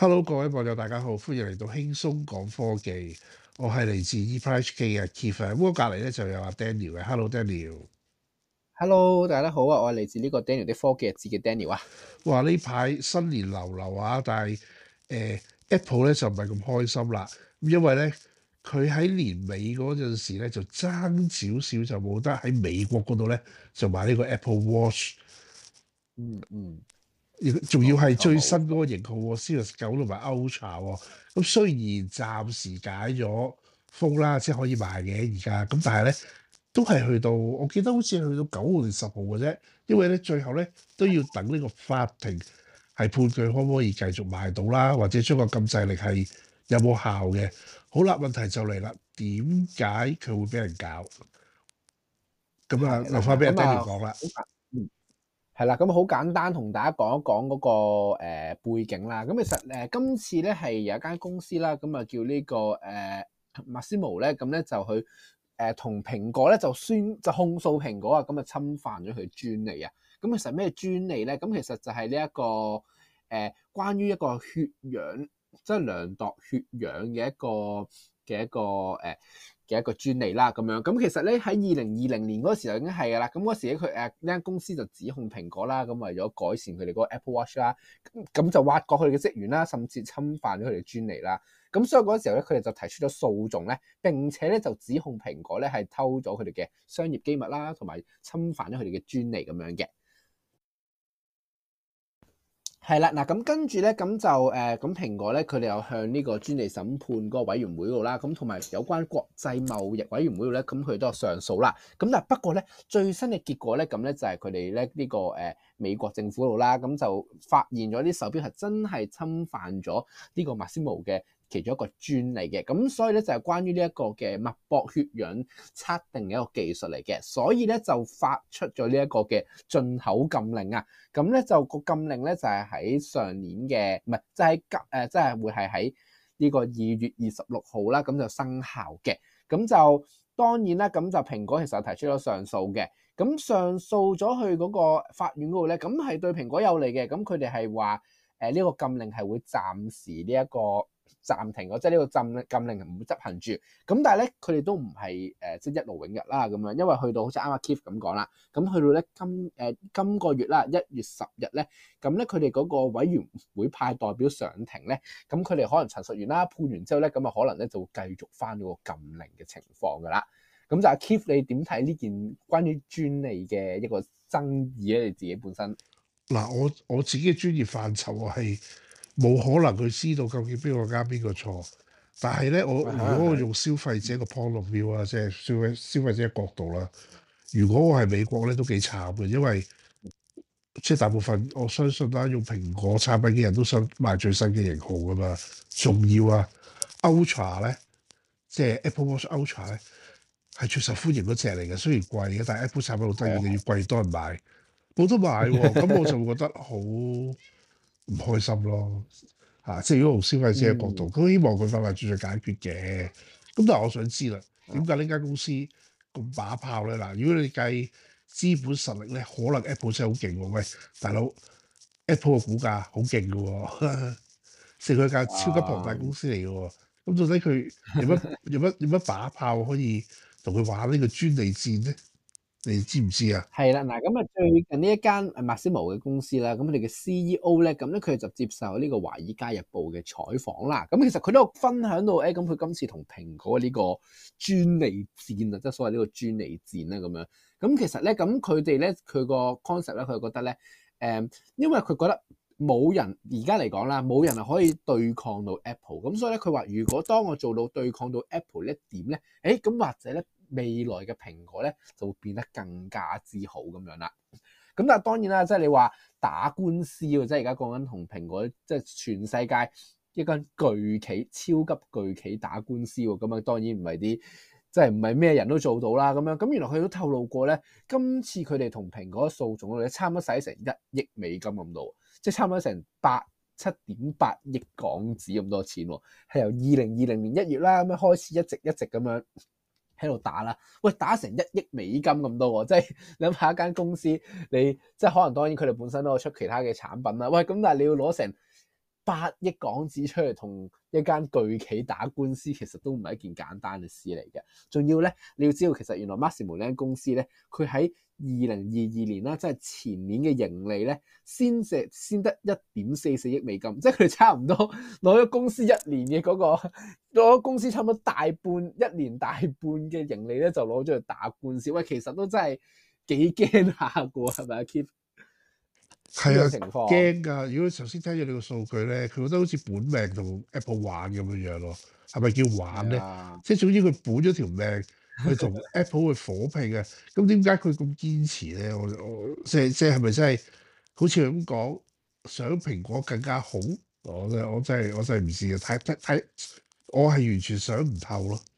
hello，各位朋友大家好，歡迎嚟到輕鬆講科技，我係嚟自 ePrice 嘅 Keith 啊，咁我隔籬咧就有阿、啊、Daniel 嘅，hello Daniel，hello 大家好啊，我係嚟自呢個 Daniel 啲科技日誌嘅 Daniel 啊，話呢排新年流流啊，但係誒、呃、Apple 咧就唔係咁開心啦，咁因為咧佢喺年尾嗰陣時咧就爭少少就冇得喺美國嗰度咧就買呢個 Apple Watch，嗯嗯。嗯。仲要係最新嗰個型號喎，Series 九同埋 Ultra 喎。咁雖然暫時解咗封啦，先可以賣嘅而家，咁但係咧都係去到我記得好似去到九號定十號嘅啫。因為咧最後咧都要等呢個法庭係判佢可唔可以繼續賣到啦，或者將個禁制令係有冇效嘅。好啦，問題就嚟啦，點解佢會俾人搞？咁啊，留翻俾阿 Daniel 講啦。係啦，咁好、嗯、簡單同大家講一講嗰、那個、呃、背景啦。咁其實誒、呃、今次咧係有一間公司啦，咁啊叫、這個呃、imo，呢個誒 Masimo 咧，咁咧就去誒同、呃、蘋果咧就宣就控訴蘋果啊，咁啊侵犯咗佢專利啊。咁、嗯、其實咩專利咧？咁其實就係呢一個誒、呃、關於一個血氧，即係量度血氧嘅一個嘅一個誒。呃嘅一個專利啦，咁樣咁其實咧喺二零二零年嗰時候就已經係噶啦，咁嗰時咧佢誒呢間公司就指控蘋果啦，咁為咗改善佢哋嗰個 Apple Watch 啦，咁就挖角佢哋嘅職員啦，甚至侵犯咗佢哋嘅專利啦，咁所以嗰時候咧佢哋就提出咗訴訟咧，並且咧就指控蘋果咧係偷咗佢哋嘅商業機密啦，同埋侵犯咗佢哋嘅專利咁樣嘅。係啦，嗱咁跟住咧，咁就誒，咁、呃、蘋果咧，佢哋又向呢個專利審判嗰個委員會度啦，咁同埋有關國際貿易委員會度咧，咁佢哋都有上訴啦。咁但係不過咧，最新嘅結果咧，咁咧就係佢哋咧呢、呢個誒、呃、美國政府度啦，咁就發現咗啲手錶係真係侵犯咗呢個 Masimo 嘅。其中一個專利嚟嘅，咁所以咧就係關於呢一個嘅脈搏血氧測定嘅一個技術嚟嘅，所以咧就發出咗呢一個嘅進口禁令啊，咁咧就個禁令咧就係喺上年嘅，唔係就喺今即係會係喺呢個二月二十六號啦，咁就生效嘅，咁就當然啦，咁就蘋果其實提出咗上訴嘅，咁上訴咗去嗰個法院度咧，咁係對蘋果有利嘅，咁佢哋係話誒呢個禁令係會暫時呢、這、一個。暫停，即係呢個禁禁令唔會執行住。咁但係咧，佢哋都唔係誒，即係一勞永逸啦咁樣。因為去到好似啱啱 Kief 咁講啦，咁去到咧今誒、呃、今個月啦，一月十日咧，咁咧佢哋嗰個委員會派代表上庭咧，咁佢哋可能陳述完啦，判完之後咧，咁啊可能咧就會繼續翻個禁令嘅情況㗎啦。咁就、啊、Kief，你點睇呢件關於專利嘅一個爭議咧？你自己本身嗱、啊，我我自己嘅專業範疇我係，冇可能佢知道究竟邊個啱邊個錯，但係咧，我如果我用消費者嘅 point of view 啊，即係消費消費者角度啦，如果我係美國咧，都幾慘嘅，因為即係、就是、大部分我相信啦，用蘋果產品嘅人都想買最新嘅型號㗎嘛，仲要啊，Ultra 咧，即係 Apple Watch Ultra 咧，係最受歡迎嗰隻嚟嘅，雖然貴嘅，但係 Apple 產品好得意嘅，越貴、哦、多人買，冇得買喎，咁我就會覺得好。 唔開心咯，嚇、啊！即係如果從消費者嘅角度，佢、嗯、希望佢分分鐘解決嘅。咁但係我想知啦，點解呢間公司咁把炮咧？嗱，如果你計資本實力咧，可能 Apple 真係好勁喎。喂，大佬，Apple 嘅股價好勁㗎喎， 成佢間超級龐大公司嚟嘅喎。咁哇到底佢有乜 有乜有乜把炮可以同佢玩呢個專利戰咧？你知唔知啊？係啦，嗱咁啊，最近呢一間 Masimo 嘅公司啦，咁佢哋嘅 CEO 咧，咁咧佢就接受呢個《華爾街日報》嘅採訪啦。咁其實佢都有分享到，誒咁佢今次同蘋果呢個專利戰啊，即係所謂呢個專利戰啦，咁樣。咁其實咧，咁佢哋咧，佢個 concept 咧，佢又覺得咧，誒、嗯，因為佢覺得冇人而家嚟講啦，冇人啊可以對抗到 Apple。咁所以咧，佢話如果當我做到對抗到 Apple 咧點咧？誒、欸、咁或者咧？未來嘅蘋果咧就會變得更加之好咁樣啦。咁但係當然啦，即係你話打官司喎，即係而家講緊同蘋果即係全世界一間巨企、超級巨企打官司喎。咁啊，當然唔係啲即係唔係咩人都做到啦。咁樣咁原來佢都透露過咧，今次佢哋同蘋果嘅訴訟咧，差唔多使成一億美金咁多，即係差唔多成八七點八億港紙咁多錢喎。係由二零二零年一月啦咁樣開始，一直一直咁樣。喺度打啦，喂，打成一億美金咁多喎，即係你諗下一間公司，你即係可能當然佢哋本身都有出其他嘅產品啦，喂，咁但係你要攞成八億港紙出嚟同一間巨企打官司，其實都唔係一件簡單嘅事嚟嘅，仲要咧你要知道，其實原來 Masimo 呢間公司咧，佢喺二零二二年啦，即係前年嘅盈利咧，先至先得一點四四億美金，即係佢差唔多攞咗公司一年嘅嗰個，攞咗公司差唔多大半一年大半嘅盈利咧，就攞咗去打官司，喂，其實都真係幾驚下過，係咪啊，Kip？係啊，驚㗎！如果頭先聽咗你個數據咧，佢覺得好似本命同 Apple 玩咁樣樣咯，係咪叫玩咧？的即係總之佢本咗條命去同 Apple 去火拼啊！咁點解佢咁堅持咧？我我即係即係係咪真係好似佢咁講想蘋果更加好？我真我真係我真係唔知啊！睇睇睇，我係完全想唔透咯～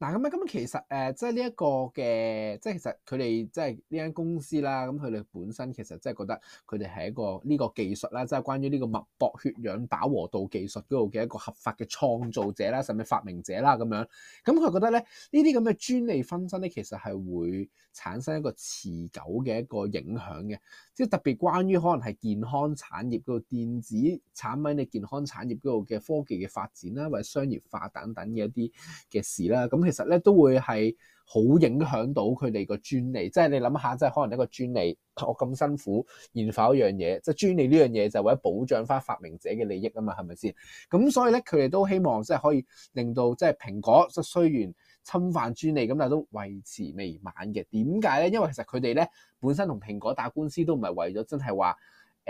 嗱咁啊，咁啊、嗯，其實誒、呃，即係呢一個嘅，即係其實佢哋即係呢間公司啦，咁佢哋本身其實即係覺得佢哋係一個呢、這個技術啦，即係關於呢個脈搏血氧飽和度技術嗰度嘅一個合法嘅創造者啦，甚至發明者啦咁樣。咁佢覺得咧，呢啲咁嘅專利紛爭咧，其實係會產生一個持久嘅一個影響嘅，即係特別關於可能係健康產業嗰度電子產品嘅健康產業嗰度嘅科技嘅發展啦，或者商業化等等嘅一啲嘅事啦，咁、嗯。其實咧都會係好影響到佢哋個專利，即係你諗下，即係可能一個專利，我咁辛苦研發一樣嘢，即係專利呢樣嘢就為咗保障返發明者嘅利益啊嘛，係咪先？咁所以咧，佢哋都希望即係可以令到即係蘋果，即係雖然侵犯專利，咁但係都維持未晚嘅。點解咧？因為其實佢哋咧本身同蘋果打官司都唔係為咗真係話。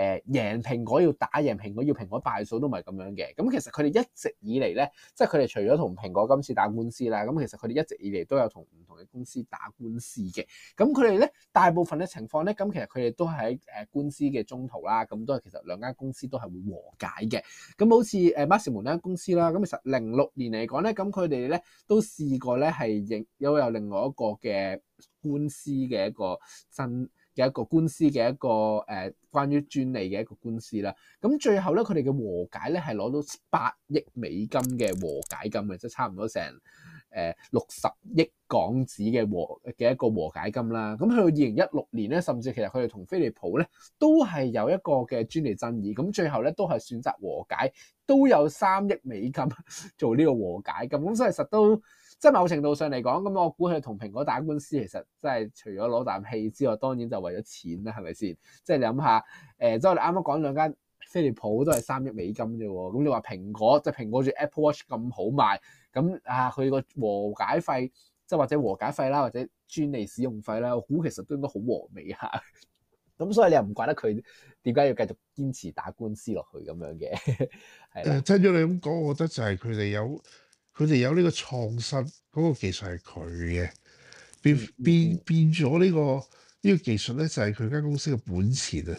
誒贏蘋果，要打贏蘋果，要蘋果敗訴都唔係咁樣嘅。咁其實佢哋一直以嚟咧，即係佢哋除咗同蘋果今次打官司啦，咁其實佢哋一直以嚟都有同唔同嘅公司打官司嘅。咁佢哋咧大部分嘅情況咧，咁其實佢哋都係喺誒官司嘅中途啦，咁都係其實兩間公司都係會和解嘅。咁好似 Masimo 呢間公司啦，咁其實零六年嚟講咧，咁佢哋咧都試過咧係另有有另外一個嘅官司嘅一個爭。嘅一個官司嘅一個誒、呃，關於專利嘅一個官司啦。咁最後咧，佢哋嘅和解咧係攞到八億美金嘅和解金嘅，即係差唔多成誒六十億港紙嘅和嘅一個和解金啦。咁去到二零一六年咧，甚至其實佢哋同飛利浦咧都係有一個嘅專利爭議，咁最後咧都係選擇和解，都有三億美金 做呢個和解金。咁所以實都。即係某程度上嚟講，咁我估佢同蘋果打官司，其實真係除咗攞啖氣之外，當然就為咗錢啦，係咪先？即係你諗下，誒、呃，即係我哋啱啱講兩間飛利浦都係三億美金啫喎。咁你話蘋果，即係蘋果住 Apple Watch 咁好賣，咁啊，佢個和解費，即係或者和解費啦，或者專利使用費啦，我估其實都應該好和美下，啊。咁 所以你又唔怪得佢點解要繼續堅持打官司落去咁樣嘅。誒 的，聽咗、呃、你咁講，我覺得就係佢哋有。佢哋有呢個創新，嗰個技術係佢嘅，變變變咗呢個呢個技術咧，就係佢間公司嘅本錢啊。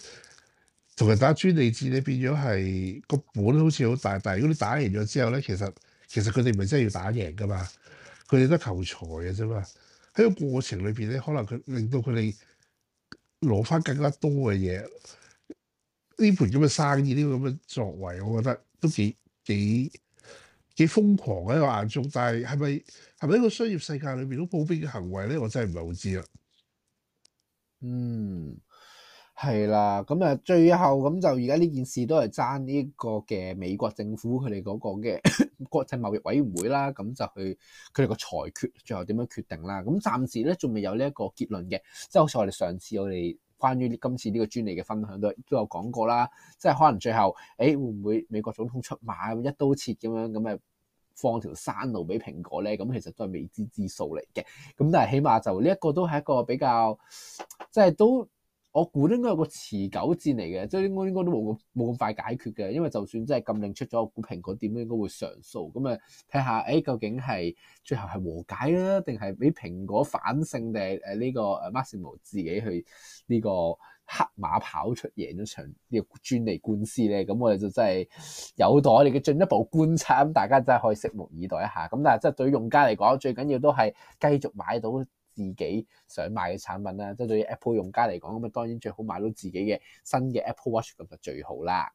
同人打專利戰咧，變咗係個本好似好大，但係如果你打贏咗之後咧，其實其實佢哋唔係真係要打贏㗎嘛，佢哋得求財嘅啫嘛。喺個過程裏邊咧，可能佢令到佢哋攞翻更加多嘅嘢。呢盤咁嘅生意，呢個咁嘅作為，我覺得都幾幾。幾瘋狂嘅一個眼中，但係係咪係咪一個商業世界裏邊都普遍嘅行為咧？我真係唔係好知啦。嗯，係啦，咁啊，最後咁就而家呢件事都係爭呢個嘅美國政府佢哋嗰個嘅 國際貿易委員會啦，咁就去佢哋個裁決，最後點樣決定啦？咁暫時咧仲未有呢一個結論嘅，即係好似我哋上次我哋。關於今次呢個專利嘅分享都都有講過啦，即係可能最後，誒、欸、會唔會美國總統出馬，一刀切咁樣咁誒放條山路俾蘋果咧？咁其實都係未知之數嚟嘅。咁但係起碼就呢一個都係一個比較，即係都。我估都應該有個持久戰嚟嘅，即係應該應該都冇咁冇咁快解決嘅，因為就算真係禁令出咗，我估蘋果點都應該會上訴，咁啊睇下誒究竟係最後係和解啦，定係俾蘋果反勝定係誒呢個誒 Masimo 自己去呢個黑馬跑出贏咗場呢個專利官司咧？咁我哋就真係有待我哋嘅進一步觀察，咁大家真係可以拭目以待一下。咁但係即係對用家嚟講，最緊要都係繼續買到自己想買嘅產品啦，即係對於 Apple 用家嚟講，咁當然最好買到自己嘅新嘅 Apple Watch 咁就最好啦。